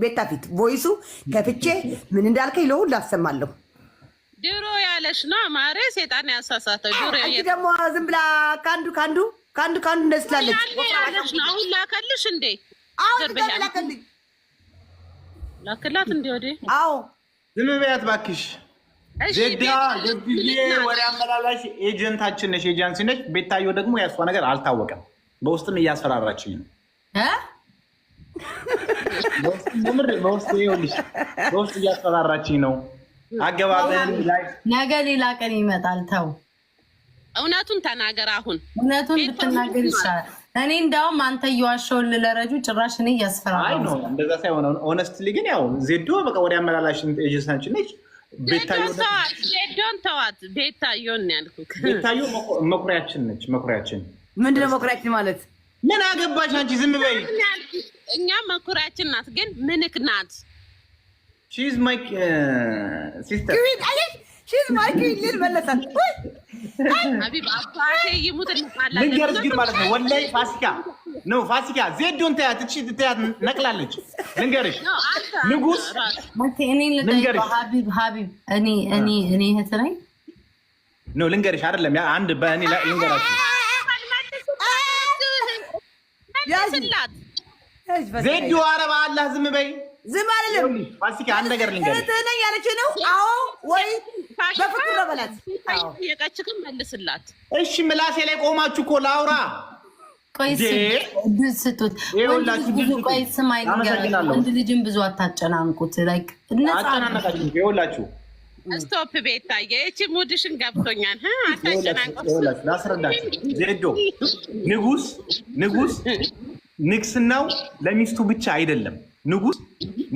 ቤታ ፊት ቮይሱ ከፍቼ ምን እንዳልከኝ ለሁሉ አሰማለሁ። ድሮ ያለሽ ነው ማሬ፣ ሴጣን ያሳሳተው ድሮ ደግሞ ዝም ብላ ከአንዱ ከአንዱ ከአንዱ ከአንዱ እንደዚህ ትላለች። አሁን ላከልሽ እንዴ? አሁን ላከልኝ ላክላት እንዴ? ወዴ? አዎ ዝም ብያት ባክሽ። ዜዳ ገብዬ ወሬ አመላላሽ ኤጀንታችን ነሽ፣ ኤጀንሲ ነች። ቤታየው ደግሞ ያሷ ነገር አልታወቀም። በውስጥም እያስፈራራችኝ ነው ምር በውስጥ ይኸውልሽ፣ በውስጥ እያስፈራራችኝ ነው። አገባበን ነገ ሌላ ቀን ይመጣል። ተው እውነቱን ተናገር። አሁን እውነቱን ብትናገር ይሻላል። እኔ እንዳውም አንተ እየዋሸውን ልለረጁ ጭራሽ እኔ እያስፈራራ ነው። እንደዛ ሳይሆን ኦነስትሊ ግን ያው ዜዶ በቃ ወደ አመላላሽ ኤጀንሳች ነች። ዜዶን ተዋት። ቤታዮን ያልኩት ቤታዮ መኩሪያችን ነች። መኩሪያችን ምንድነው? መኩሪያችን ማለት ምን አገባሽ አንቺ? ዝም በይ እኛ መኩሪያችን ናት፣ ግን ምንክ ናት። ሺዝ ማይ ሲስተር ሺዝ ማይ መለሳል። ይሙት ልንገርሽ ግን ማለት ነው ወላሂ ፋሲካ ነው ፋሲካ ዜዶን ተያት እቺ ተያት ነቅላለች። ልንገርሽ ንጉስ ማቴ እኔ ልንገርሽ ሀቢብ ሀቢብ እኔ እኔ እኔ እህት ነኝ ነው ልንገርሽ አይደለም አንድ በእኔ ልንገራችሁ ዜዱ አረባ አላህ ዝም በይ። ዝም አልልም። ፋሲካ አንድ ነገር ልንገርህ ነኝ ያለች ነው። አዎ ወይ በፍቅር ነው በላት። የቃችክም መልስላት። እሺ ምላሴ ላይ ቆማችሁ እኮ ላውራ ስጡት ቆይ ወንድ ልጅን ብዙ አታጨናንቁት። ይኸውላችሁ ስቶፕ ቤታዬ፣ ይቺ ሙድሽን ገብቶኛል። አታጨናንቁት። ላስረዳችሁ ዜዶ ንጉስ ንጉስ ንግስናው ለሚስቱ ብቻ አይደለም። ንጉስ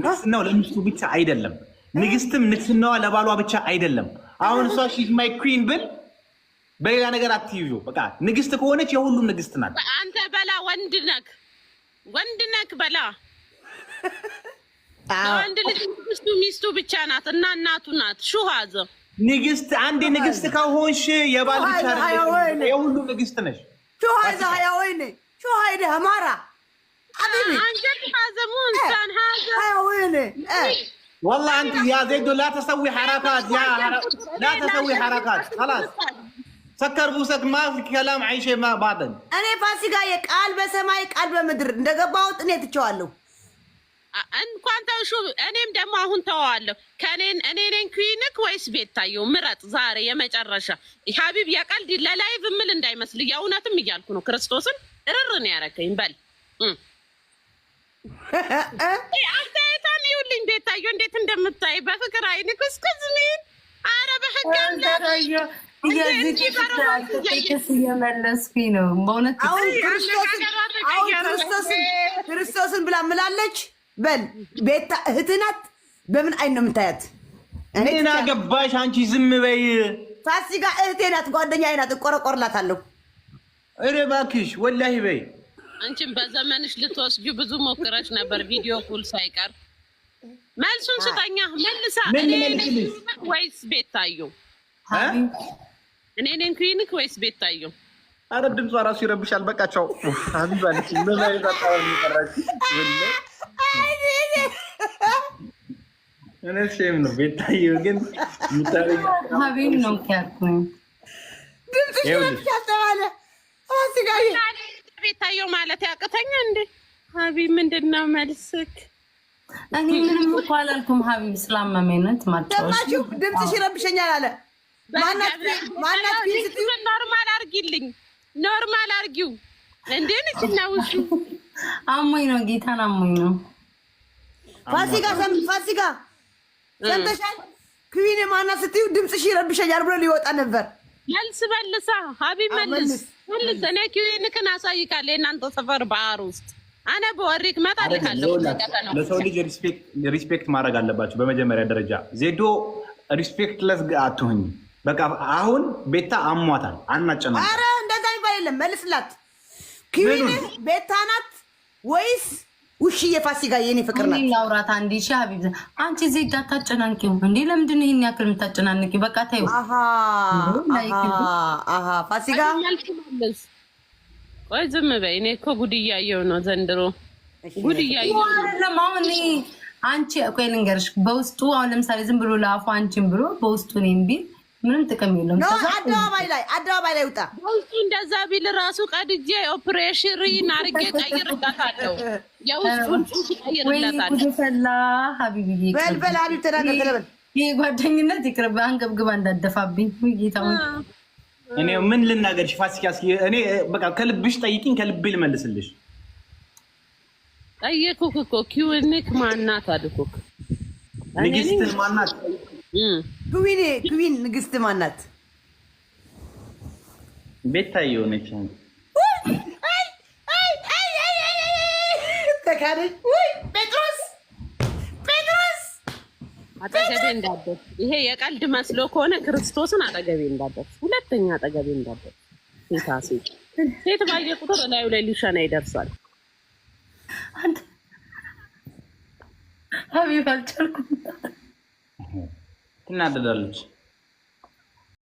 ንግስናው ለሚስቱ ብቻ አይደለም። ንግስትም ንግስናዋ ለባሏ ብቻ አይደለም። አሁን እሷ ሺዝ ማይ ኩዊን ብል በሌላ ነገር አትይዩ። በቃ ንግስት ከሆነች የሁሉም ንግስት ናት። አንተ በላ ወንድ ነክ ወንድ ነክ በላ ወንድ ልጅ ሚስቱ ብቻ ናት እና እናቱ ናት። ሹሃዘ ንግስት አንዴ ንግስት ከሆንሽ የባል ብቻ የሁሉም ንግስት ነሽ። ሹሃዘ ሀያ ወይኔ ሹሃይደ አማራ والله انت يا زيد لا تسوي حركات يا لا تسوي حركات خلاص ሰከር ቡሰት ማ ከላም አይሼ ማ ባደን እኔ ፋሲካዬ ቃል በሰማይ ቃል በምድር እንደገባው ጥኔ ትቸዋለሁ። እንኳን ተውሹ እኔም ደግሞ አሁን ተዋዋለሁ። ከኔን እኔ ነኝ ኩዊንክ ወይስ ቤታየው ምረጥ። ዛሬ የመጨረሻ ሀቢብ የቀልድ ለላይቭ ምል እንዳይመስል የእውነትም እያልኩ ነው። ክርስቶስን እርር ነው ያረከኝ በል አስተያየቷን ይኸውልኝ፣ እንዴት እንዴት እንደምታይ በፍቅር አይን ኩስኩስ ሚል አረ በህግ ነው። በእውነት ክርስቶስን ብላ ምላለች። በል ቤታ እህትናት በምን አይን ነው የምታያት? ምን አገባሽ አንቺ፣ ዝም በይ። ፋሲካ እህቴ ናት፣ ጓደኛዬ ናት። እቆረቆርላታለሁ። እባክሽ ወላሂ በይ አንቺም በዘመንሽ ልትወስጂ ብዙ ሞክረሽ ነበር፣ ቪዲዮ ኩል ሳይቀር መልሱን ስጠኛ። መልሳ ወይስ ቤት ታዩ? እኔ ነኝ ክሊኒክ ወይስ ቤት ታዩ? አረ ድምጿ ራሱ ይረብሻል። በቃቸው አንዛልሽ እኔ ነው ቤት ታዩ ግን ነው ድምጽ ሽረብሻል ተባለ ቤታየው ማለት ያቅተኛ እንዴ? ሀቢ ምንድን ነው መልስክ? እኔ ምንም እኮ አላልኩም። ሀቢብ ስላመመነት ማጫወት ድምፅሽ ይረብሸኛል አለ ማናት ኖርማል አርጊልኝ፣ ኖርማል አርጊው። እንዴን እችና ውሱ አሞኝ ነው፣ ጌታን አሞኝ ነው። ፋሲካ ፋሲካ ሰምተሻል? ክዊን ማናት ስትዩ ድምፅሽ ይረብሸኛል ብሎ ሊወጣ ነበር መልስ መልሳ ሀቢብ መልስ መልስ። እኔ ኪዊንክን አሳይካለ የእናንተ ሰፈር ባህር ውስጥ አነ በወሪክ መጣልካለሁ። ለሰው ልጅ ሪስፔክት ማድረግ አለባቸው። በመጀመሪያ ደረጃ ዜዶ ሪስፔክት ለስ አትሁኝ። በቃ አሁን ቤታ አሟታል። አናጨነ ኧረ እንደዛ የሚባል የለም። መልስላት ኪዊን ቤታ ናት ወይስ ውሽ የፋሲካ የኔ ፍቅር ናት። ላውራት አንድ ሺ ሀቢብ አንቺ ዜድ አታጨናንቂው እንዴ? ለምንድን ይህን ያክል የምታጨናንቂ? በቃ ታዩ ፋሲካ ቆይ ዝም በይ። እኔ እኮ ጉድ እያየው ነው ዘንድሮ ጉድ እያየው አንቺ ቆይ ልንገርሽ፣ በውስጡ አሁን ለምሳሌ ዝም ብሎ ለአፉ አንቺን ብሎ በውስጡ እኔም ቢል ምንም ጥቅም የለም። አደባባይ ላይ አደባባይ ላይ ውጣ። ውስጡ እንደዛ ቢል ራሱ ቀድጄ ኦፕሬሽን አድርጌ ቀይርላታለሁ። የውስጡን ቀይርላታለሁላ። ሀቢብዬ በል በል፣ ይህ ጓደኝነት ይቅርብ። አንገብግባ እንዳደፋብኝ ጌታ እኔ ምን ልናገር? ፋሲካ እስኪ እኔ በቃ ከልብሽ ጠይቅኝ፣ ከልቤ ልመልስልሽ። ጠየኩክ እኮ ኪውኒክ ማናት አድኩክ ንግስትን ማናት ክዊን ክዊን ንግስት ማናት? ቤታዬ የሆነች ጴጥሮስ ጴጥሮስ አጠገቤ እንዳደርስ። ይሄ የቀልድ መስሎ ከሆነ ክርስቶስን አጠገቤ እንዳደርስ፣ ሁለተኛ አጠገቤ እንዳደርስ። ሴታ ሴት ሴት ባየ ቁጥር እላዩ ላይ ሊሸና ይደርሳል። ሀቢብ አልቻልኩም። Nada da luz.